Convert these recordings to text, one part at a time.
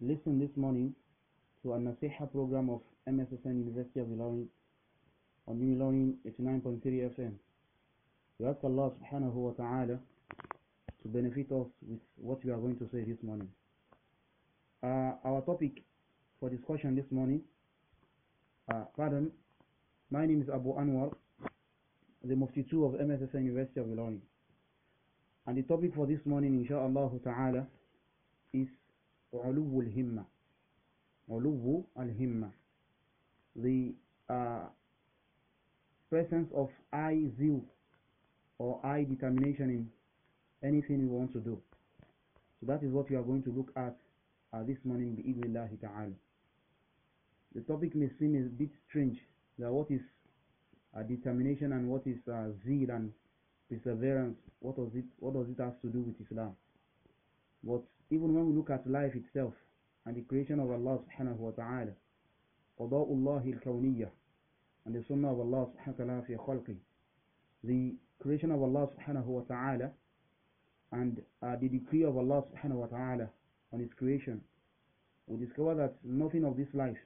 Listen this morning to a Nasiha program of MSSN University of Ilorin on New Ilorin 89.3 FM. We ask Allah subhanahu wa ta'ala to benefit us with what we are going to say this morning. Uh, our topic for discussion this morning, uh, pardon, my name is Abu Anwar, the Mufti 2 of MSSN University of Ilorin. And the topic for this morning, inshallah ta'ala, is وعلو الهمة علو الهمة the uh, presence of eye zeal or eye determination in anything you want to do so that is what we are going to look at uh, this morning bi'idhnillahi ta'ala the topic may seem a bit strange that what is uh, determination and what is uh, zeal and perseverance what does it what does it have to do with islam but even when we look at life itself and the creation of Allah subhanahu wa ta'ala, Qada'ullahi al-Kawniyah, and the Sunnah of Allah subhanahu wa ta'ala the creation of Allah subhanahu wa ta'ala, and uh, the decree of Allah subhanahu wa ta'ala on His creation, we discover that nothing of this life,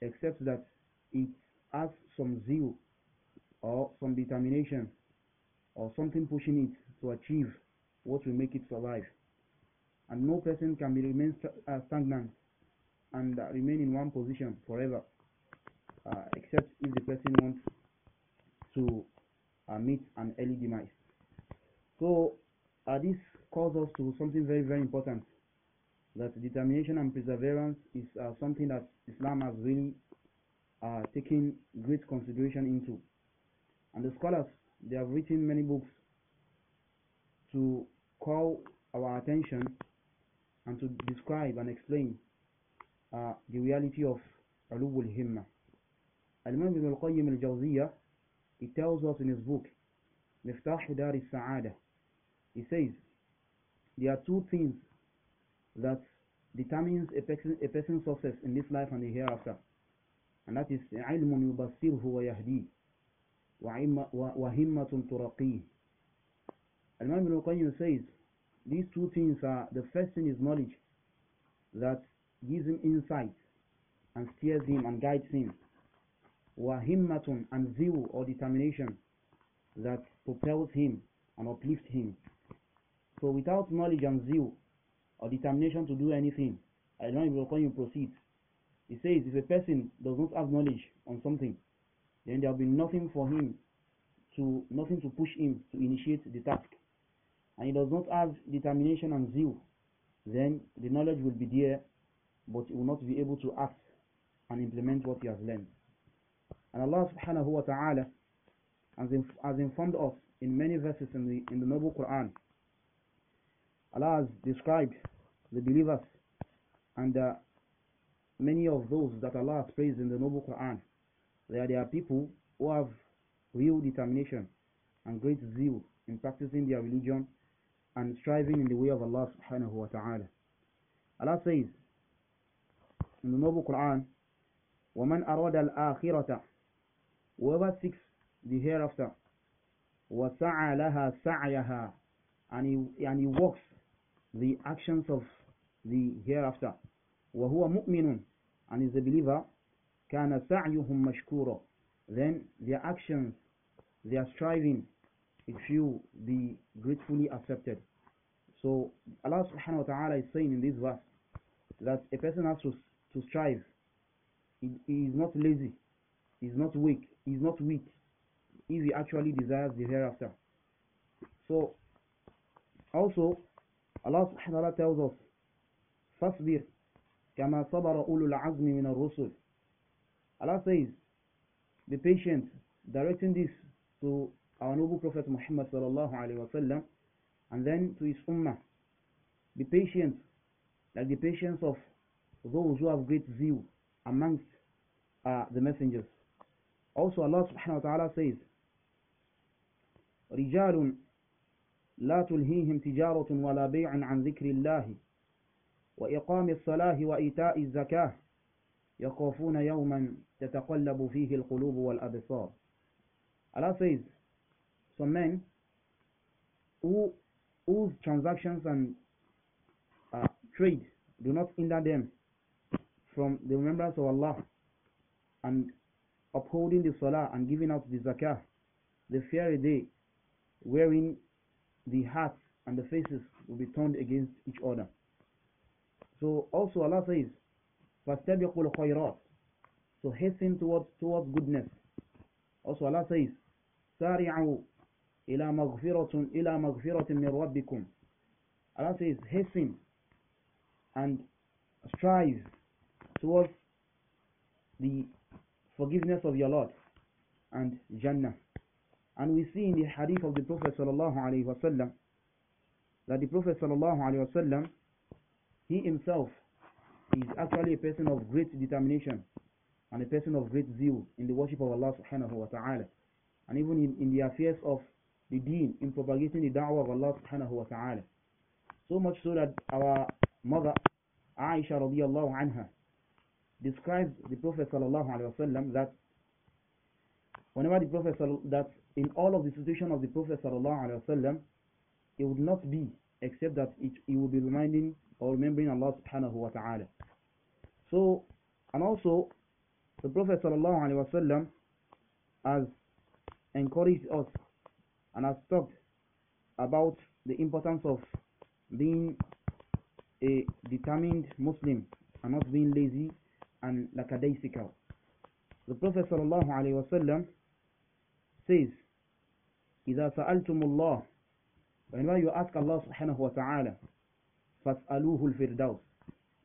except that it has some zeal or some determination or something pushing it to achieve what will make it survive and no person can be remain uh, stagnant and uh, remain in one position forever uh, except if the person wants to meet an early demise. So this calls us to something very very important that determination and perseverance is uh, something that Islam has really uh, taken great consideration into. And the scholars, they have written many books to call our attention and to describe and explain uh, the reality of Ulul Himma. Al-Imam Ibn Al-Qayyim Al-Jawziyah, he tells us in his book, Miftah Dar Sa'ada, he says, there are two things that determines a, person, a person's success in this life and the hereafter. And that is علم yahdi wa وهمة ترقيه. Al-Imam Ibn Al-Qayyim says, these two things are the first thing is knowledge that gives him insight and steers him and guides him. Wahimmatun and zeal or determination that propels him and uplifts him. So without knowledge and zeal or determination to do anything, I don't even call you proceed. He says if a person does not have knowledge on something, then there will be nothing for him to nothing to push him to initiate the task and he does not have determination and zeal, then the knowledge will be there, but he will not be able to act and implement what he has learned. And Allah subhanahu wa ta'ala has, inf has informed us in many verses in the, in the Noble Quran. Allah has described the believers and uh, many of those that Allah has praised in the Noble Quran. They are, they are people who have real determination and great zeal in practicing their religion and striving in the way of Allah subhanahu wa ta'ala. Allah says in the noble Quran, وَمَنْ أَرَادَ الْآخِرَةَ Whoever seeks the hereafter, وَسَعَى لَهَا سَعْيَهَا and he, and he walks the actions of the hereafter. وَهُوَ مُؤْمِنٌ And is a believer. كَانَ سَعْيُهُمْ مَشْكُورًا Then their actions, their striving if you be gratefully accepted. So Allah subhanahu wa ta'ala is saying in this verse that a person has to, to strive. He, he is not lazy, he is not weak, he is not weak if he actually desires the hereafter. So also Allah subhanahu wa ta'ala tells us فَاصْبِرْ كَمَا صَبَرَ أُولُو الْعَزْمِ مِنَ rusul Allah says, be patient, directing this to our noble Prophet Muhammad sallallahu alayhi wa sallam, and then to his ummah. Be patient, like the patience of those who have great zeal amongst uh, the messengers. Also, Allah subhanahu wa taala says, رجال لا تلهيهم تجارة ولا بيع عن ذكر الله وإقام الصلاة وإيتاء الزكاة يخافون يوما تتقلب فيه القلوب والأبصار. Allah says, some men who whose transactions and uh, trade do not hinder them from the remembrance of Allah and upholding the salah and giving out the zakah, the fiery day wherein the hearts and the faces will be turned against each other. So also Allah says, فَاسْتَبِقُوا الْخَيْرَاتِ So hasten towards, towards goodness. Also Allah says, سَارِعُوا إلى مغفرة إلى مغفرة من ربكم Allah says hasten and strive towards the forgiveness of your Lord and Jannah and we see in the hadith of the Prophet sallallahu alaihi wasallam that the Prophet sallallahu alaihi wasallam he himself is actually a person of great determination and a person of great zeal in the worship of Allah subhanahu wa ta'ala and even in, in the affairs of the deen, in propagating the da'wah of Allah subhanahu wa ta'ala. So much so that our mother, Aisha radiallahu anha, describes the Prophet sallallahu alayhi wa sallam that whenever the Prophet that in all of the situation of the Prophet sallallahu alayhi wa sallam, it would not be except that it, it would be reminding or remembering Allah subhanahu wa ta'ala. So, and also, the Prophet sallallahu alayhi wa sallam has encouraged us and has talked about the importance of being a determined Muslim and not being lazy and lackadaisical. The Prophet sallallahu says, إذا سألتم الله whenever you ask Allah subhanahu wa ta'ala فاسألوه الفردوس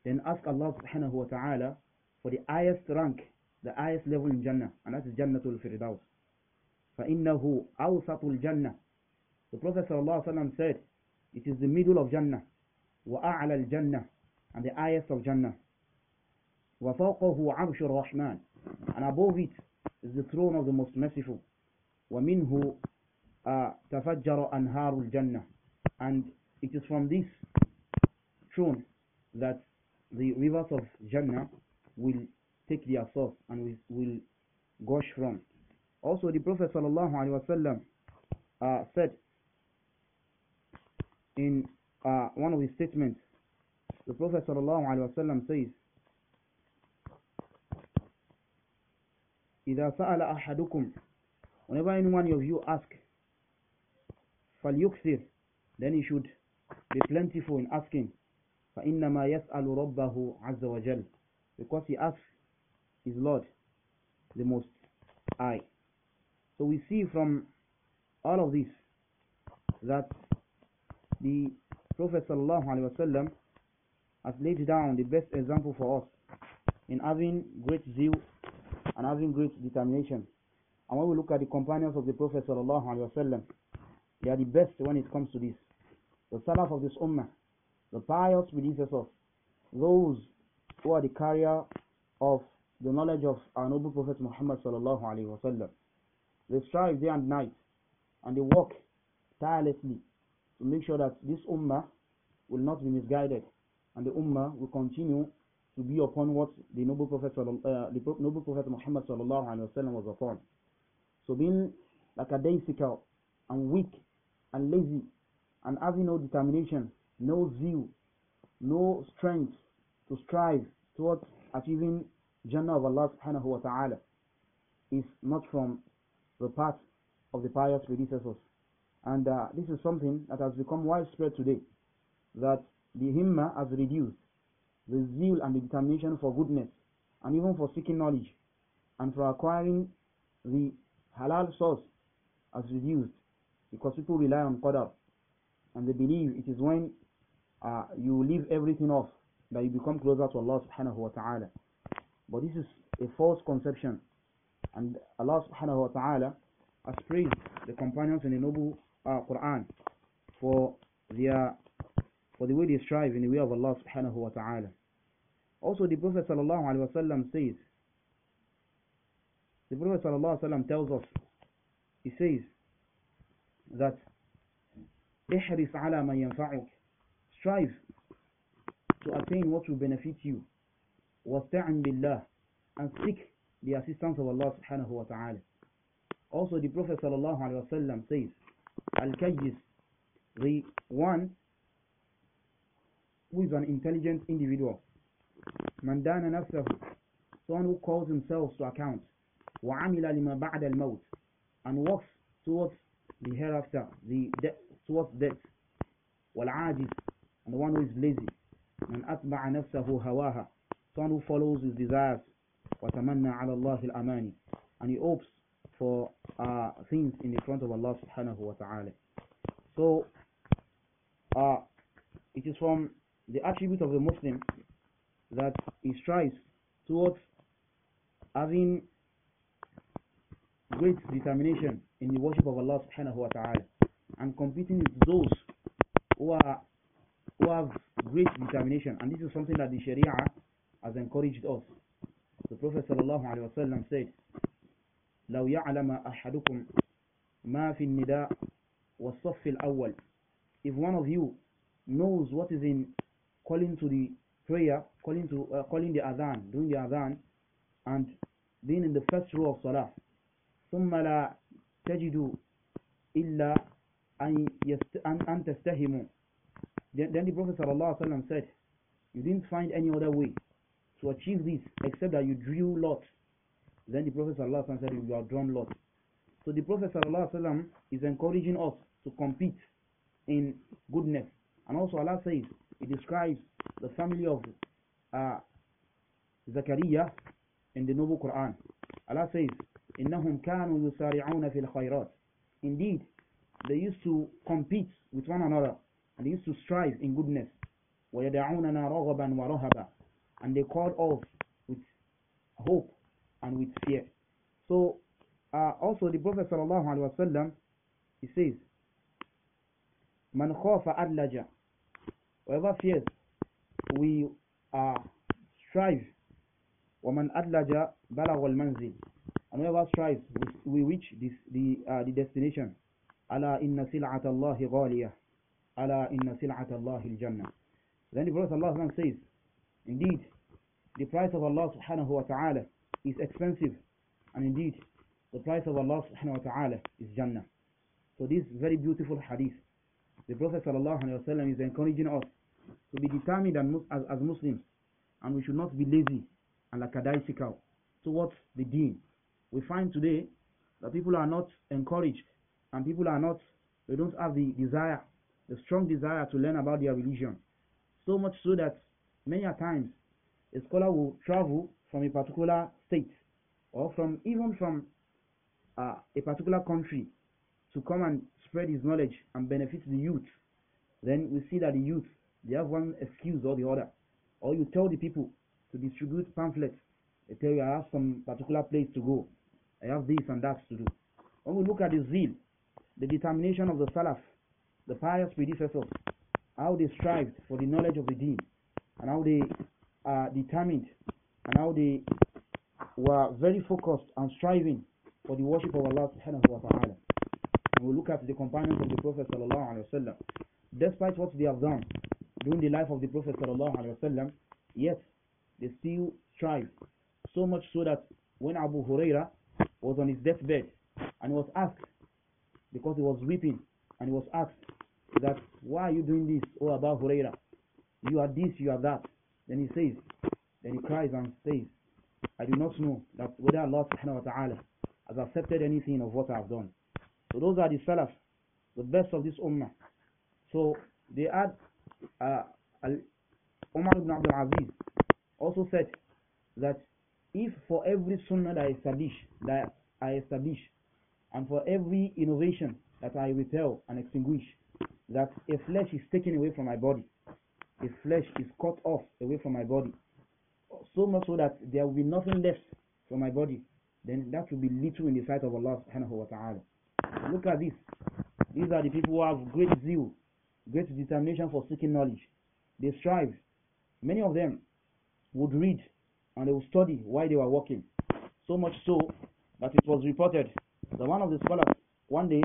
then ask Allah subhanahu wa ta'ala for the highest rank the highest level in Jannah and that is Jannatul Firdaus فَإِنَّهُ أَوْسَطُ الْجَنَّةِ The Prophet ﷺ said, it is the middle of Jannah. وَأَعْلَى الْجَنَّةِ And the highest of Jannah. وَفَوْقَهُ عَرْشُ الرَّحْمَنِ And above it is the throne of the most merciful. وَمِنْهُ تَفَجَّرَ أَنْهَارُ الْجَنَّةِ And it is from this throne that the rivers of Jannah will take their source and will, will gush from. Also, the Prophet sallallahu wasallam uh, said in uh, one of his statements, the Prophet sallallahu alaihi wasallam says, إذا سأل أحدكم whenever anyone of you ask فليكثر then he should be plentiful in asking فإنما يسأل ربه عز وجل because he asks his Lord the most high so we see from all of this that the Prophet ﷺ has laid down the best example for us in having great zeal and having great determination. And when we look at the companions of the Prophet ﷺ, they are the best when it comes to this. The Salaf of this Ummah, the pious believers of those who are the carrier of the knowledge of our noble Prophet Muhammad sallallahu they strive day and night and they work tirelessly to make sure that this ummah will not be misguided and the ummah will continue to be upon what the noble prophet uh, the noble prophet Muhammad sallallahu was upon. So being lackadaisical and weak and lazy and having no determination, no zeal, no strength to strive towards achieving Jannah of Allah subhanahu wa ta'ala is not from were part of the pious predecessors. And uh, this is something that has become widespread today, that the himma has reduced, the zeal and the determination for goodness, and even for seeking knowledge, and for acquiring the halal source has reduced, because people rely on qadar, and they believe it is when uh, you leave everything off that you become closer to Allah subhanahu wa ta'ala. But this is a false conception and Allah subhanahu wa ta'ala has praised the companions in the noble uh, Quran for their for the way they strive in the way of Allah subhanahu wa ta'ala. Also the Prophet sallallahu wa wasallam says the Prophet sallallahu wa wasallam tells us he says that احرص على man ينفعك, strive to attain what will benefit you wasta'in بالله, and seek the assistance of Allah subhanahu wa ta'ala. Also the Prophet sallallahu alayhi wa sallam says, Al-Kajis, the one who is an intelligent individual. Mandana nafsahu, someone who calls himself to account. وَعَمِلَ لِمَا بَعْدَ الْمَوْتِ And works towards the hereafter, the de towards death. وَالْعَاجِز And the one who is lazy. مَنْ أَتْبَعَ نَفْسَهُ هَوَاهَا Someone who follows his desires. وَتَمَنَّى عَلَى اللَّهِ And he hopes for uh, things in the front of Allah subhanahu wa ta'ala. So, uh, it is from the attribute of the Muslim that he strives towards having great determination in the worship of Allah subhanahu wa ta'ala and competing with those who are who have great determination and this is something that the Sharia has encouraged us the Prophet sallallahu alaihi wasallam said, لو يعلم أحدكم ما في النداء والصف الأول If one of you knows what is in calling to the prayer, calling to uh, calling the adhan, doing the adhan, and being in the first row of salah, ثم لا تجد إلا أن, تستهموا Then the Prophet sallallahu alaihi wasallam said, you didn't find any other way to achieve this except that you drew lots. Then the Prophet ﷺ said, You are drawn lots. So the Prophet ﷺ is encouraging us to compete in goodness. And also Allah says, He describes the family of uh, Zakaria in the Noble Quran. Allah says, إِنَّهُمْ كَانُوا يُسَارِعُونَ فِي الْخَيْرَاتِ Indeed, they used to compete with one another and they used to strive in goodness. وَيَدَعُونَنَا رَغَبًا وَرَهَبًا and they called off with hope and with fear. So uh, also the Prophet sallallahu alaihi wasallam he says, "Man khawfa adlaja." Whoever fears, we uh, strive. وَمَنْ أَدْلَجَ bala walmanzi, And whoever strives, we, we reach this, the, uh, the destination. أَلَا إِنَّ Allahi اللَّهِ Ala inna إِنَّ سِلْعَةَ اللَّهِ الْجَنَّةِ Then the Prophet ﷺ says, Indeed, the price of Allah subhanahu wa ta'ala is expensive. And indeed, the price of Allah subhanahu wa ta'ala is Jannah. So this very beautiful hadith, the Prophet sallallahu alayhi wa sallam is encouraging us to be determined as, as Muslims. And we should not be lazy and lackadaisical towards the deen. We find today that people are not encouraged and people are not, they don't have the desire, the strong desire to learn about their religion. So much so that Many a times, a scholar will travel from a particular state or from even from uh, a particular country to come and spread his knowledge and benefit the youth. Then we see that the youth, they have one excuse or the other. Or you tell the people to distribute pamphlets. They tell you, I have some particular place to go. I have this and that to do. When we look at the zeal, the determination of the Salaf, the pious predecessors, how they strived for the knowledge of the deen, and how they are determined and how they were very focused and striving for the worship of Allah subhanahu wa ta'ala. And we look at the companions of the Prophet sallallahu alaihi wasallam. Despite what they have done during the life of the Prophet sallallahu alaihi wasallam, yet they still strive. So much so that when Abu Huraira was on his deathbed and was asked because he was weeping and he was asked that why are you doing this, O Abu Huraira? You are this, you are that. Then he says, then he cries and says, I do not know that whether Allah subhanahu wa ta'ala has accepted anything of what I have done. So those are the salaf, the best of this ummah. So they had uh, Umar ibn Abdul Aziz also said that if for every sunnah that I establish, that I establish, and for every innovation that I repel and extinguish, that a flesh is taken away from my body, the flesh is cut off away from my body, so much so that there will be nothing left from my body, then that will be little in the sight of Allah subhanahu wa ta'ala. Look at this. These are the people who have great zeal, great determination for seeking knowledge. They strive. Many of them would read and they would study while they were walking. So much so that it was reported that one of the scholars, one day,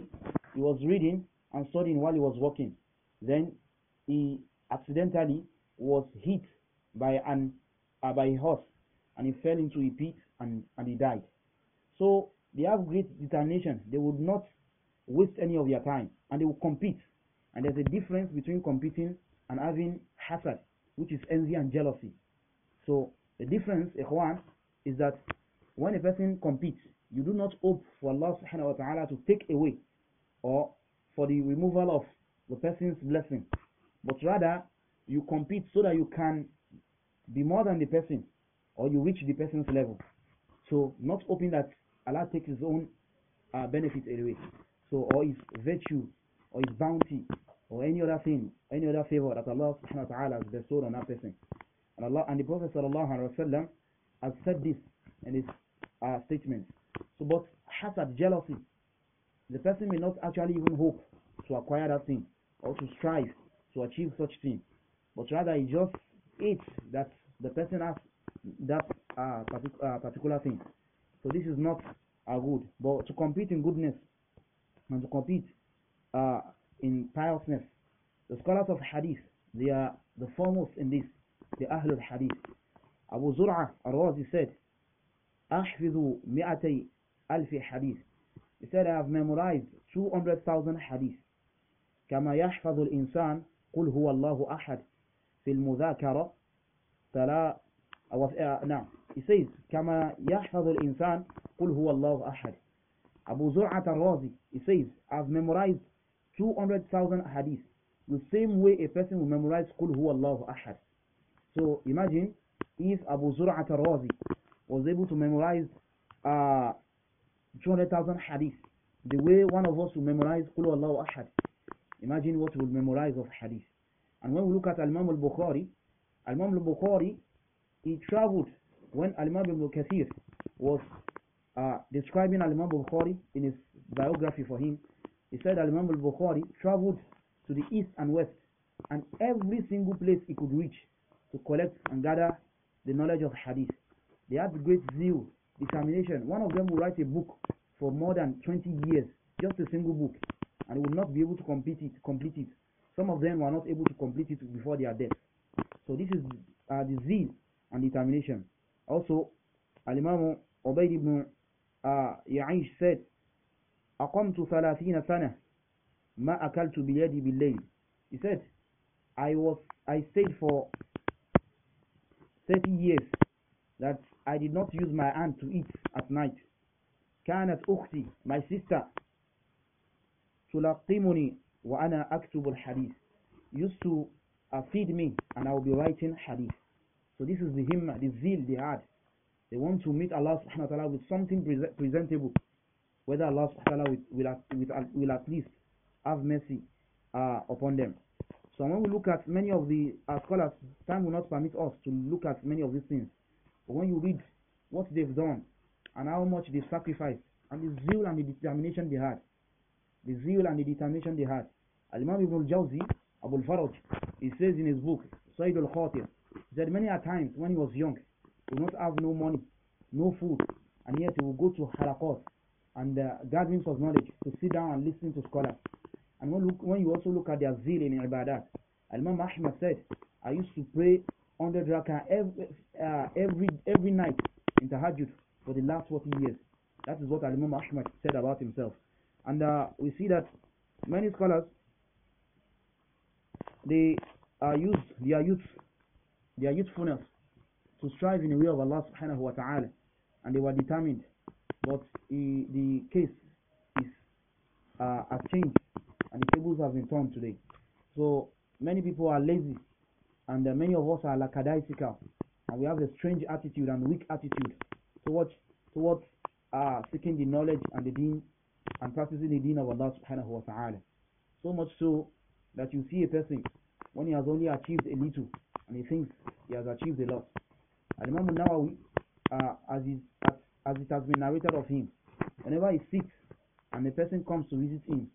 he was reading and studying while he was walking. Then he accidentally was hit by an uh, by a horse and he fell into a pit and, and he died. So they have great determination. They would not waste any of their time and they will compete. And there's a difference between competing and having hasad, which is envy and jealousy. So the difference, ikhwan, is that when a person competes, you do not hope for Allah subhanahu wa ta'ala to take away or for the removal of the person's blessing. But rather, you compete so that you can be more than the person or you reach the person's level. So, not hoping that Allah takes His own uh, benefit away. So, or His virtue, or His bounty, or any other thing, any other favor that Allah subhanahu wa ta'ala has bestowed on that person. And Allah and the Prophet sallallahu alaihi wasallam has said this in his uh, statement. So, but hasad, jealousy, the person may not actually even hope to acquire that thing or to strive to achieve such thing, but rather it just it that the person has that uh, partic- uh, particular thing. So this is not a good. But to compete in goodness and to compete uh, in piousness, the scholars of hadith, they are the foremost in this, the Ahlul Hadith. Abu Zur'a al-Razi said, أحفظ مئتي ألف حديث He said, I have memorized 200,000 hadith. كما يحفظ الإنسان قل هو الله أحد في المذاكرة فلا أو آه، نعم يسيز كما يحفظ الإنسان قل هو الله أحد أبو زرعة الرازي يسيز I've memorized 200,000 حديث the same way a person will memorize قل هو الله أحد so imagine if Abu زرعة الرازي was able to memorize uh, 200,000 حديث the way one of us will memorize قل هو الله أحد Imagine what we'll memorize of hadith. And when we look at Al-Imam al-Bukhari, Al-Imam al-Bukhari, he traveled when Al-Imam Al Kathir was uh, describing Al-Imam al-Bukhari in his biography for him. He said Al-Imam al-Bukhari traveled to the east and west and every single place he could reach to collect and gather the knowledge of hadith. They had great zeal, determination. One of them will write a book for more than 20 years, just a single book and will not be able to complete it. Complete it. Some of them were not able to complete it before their death. So this is uh, the zeal and determination. Also, Al-Imam Ubayd ibn uh, Ya'ish said, أقمت ثلاثين سنة ما أكلت بيدي بالليل. He said, I was I stayed for 30 years that I did not use my hand to eat at night. كانت أختي, my sister, تلقمني وأنا أكتب الحديث used to uh, feed me and I will be writing hadith. So this is the him, the zeal they had. They want to meet Allah subhanahu wa ta'ala with something pre presentable. Whether Allah subhanahu wa ta'ala will, will, will, at least have mercy uh, upon them. So when we look at many of the uh, scholars, time will not permit us to look at many of these things. But when you read what they've done and how much they sacrificed and the zeal and the determination they had, the zeal and the determination they had. Al-Imam Ibn al-Jawzi, Abu al-Faraj, he says in his book, Sayyid al-Khatir, that many a times when he was young, he would not have no money, no food, and yet he would go to Harakat and uh, gatherings of knowledge to sit down and listen to scholars. And when, look, when you also look at their zeal in ibadat, Al-Imam Ahmad said, I used to pray under the every, uh, every, every night in tahajjud for the last 40 years. That is what Al-Imam Ahmad said about himself and uh, we see that many scholars they are used their youth their youthfulness to strive in the way of Allah subhanahu wa ta'ala and they were determined but the, the case is uh, has changed and the tables have been turned today so many people are lazy and uh, many of us are lackadaisical and we have a strange attitude and weak attitude towards towards uh, seeking the knowledge and the deen and practicing the deen of Allah subhanahu wa ta'ala. So much so that you see a person when he has only achieved a little and he thinks he has achieved a lot. And Imam Nawawi, uh, as, as, as it has been narrated of him, whenever he sits and a person comes to visit him,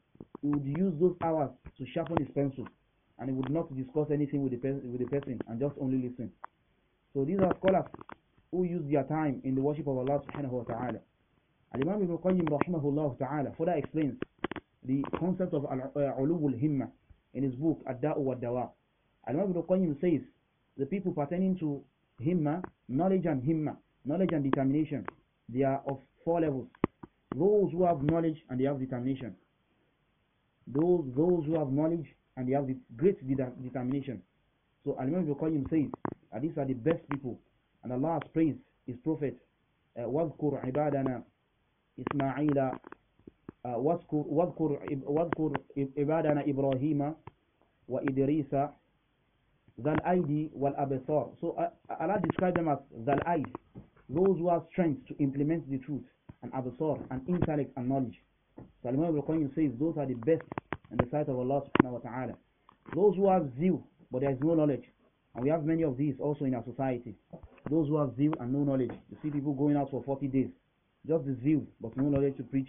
he would use those hours to sharpen his pencil and he would not discuss anything with the, with the person and just only listen. So these are scholars who use their time in the worship of Allah subhanahu wa ta'ala. Al-Imam Ibn Qayyim rahimahullah ta'ala further explains the concept of uh, ulul himma in his book Ad-Da'u wa dawa Al-Imam Ibn says the people pertaining to himma, knowledge and himma, knowledge and determination, they are of four levels. Those who have knowledge and they have determination. Those those who have knowledge and they have the great determination. So Al-Imam Ibn says that these are the best people and Allah has his prophet وَاذْكُرْ uh, عِبَادَنَا إسماعيل واذكر واذكر واذكر عبادنا إبراهيم وإدريس ذا الأيدي والأبصار so uh, Allah describes them as ذا those who have strength to implement the truth and absor and intellect and knowledge so Imam Ibn Qayyim says those are the best in the sight of Allah subhanahu wa ta'ala those who have zeal but there is no knowledge and we have many of these also in our society those who have zeal and no knowledge you see people going out for 40 days just the zeal, but no knowledge to preach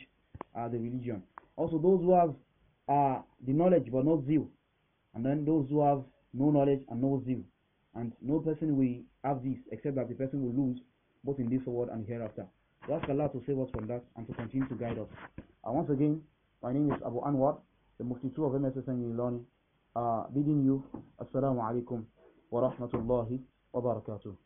uh, the religion. Also, those who have uh, the knowledge but no zeal, and then those who have no knowledge and no zeal, and no person will have this except that the person will lose both in this world and hereafter. We ask Allah to save us from that and to continue to guide us. once again, my name is Abu Anwar, the Mufti of MSSN Learning. uh, bidding you Assalamu alaikum wa rahmatullahi wa barakatuh.